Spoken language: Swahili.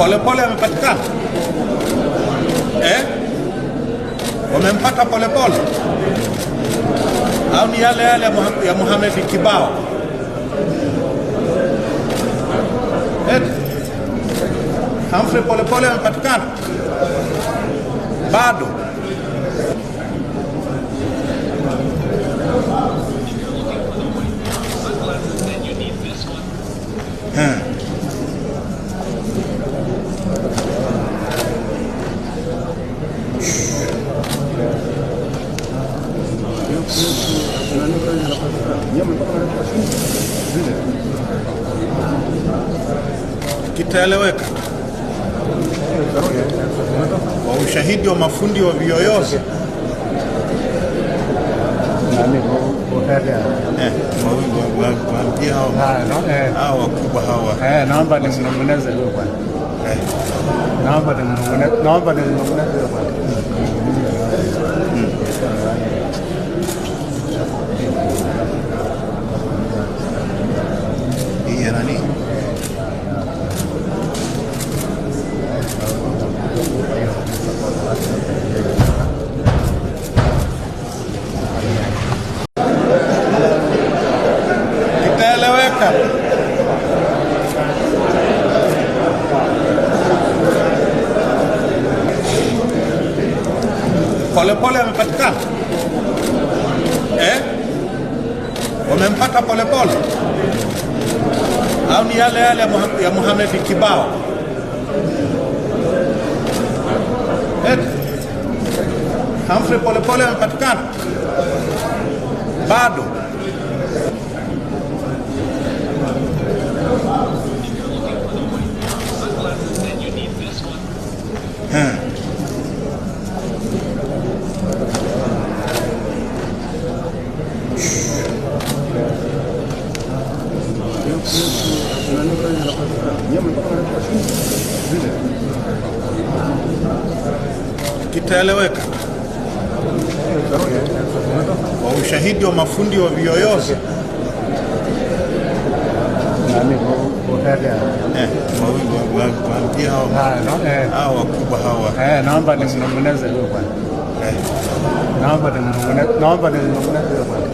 Polepole amepatikana eh? Wamempata Polepole au ni yale yale ya Mohamed Kibao eh? Humphrey Polepole amepatikana bado? kitaeleweka kwa ushahidi wa mafundi wa viyoyozi hawa eh, ah, eh. wakubwa hawa. Eh, naomba nimnong'oneze, naomba nimnong'oneze. Polepole amepatikana eh? Wamempata Polepole au ni yale yale ya Muhamedi Kibao eh? Humphrey Polepole amepatikana bado? Kitaeleweka kwa ushahidi wa mafundi wa viyoyozi hawa eh, ah, eh. wakubwa hawa, eh, naomba nimnong'oneze, naomba nimnong'oneze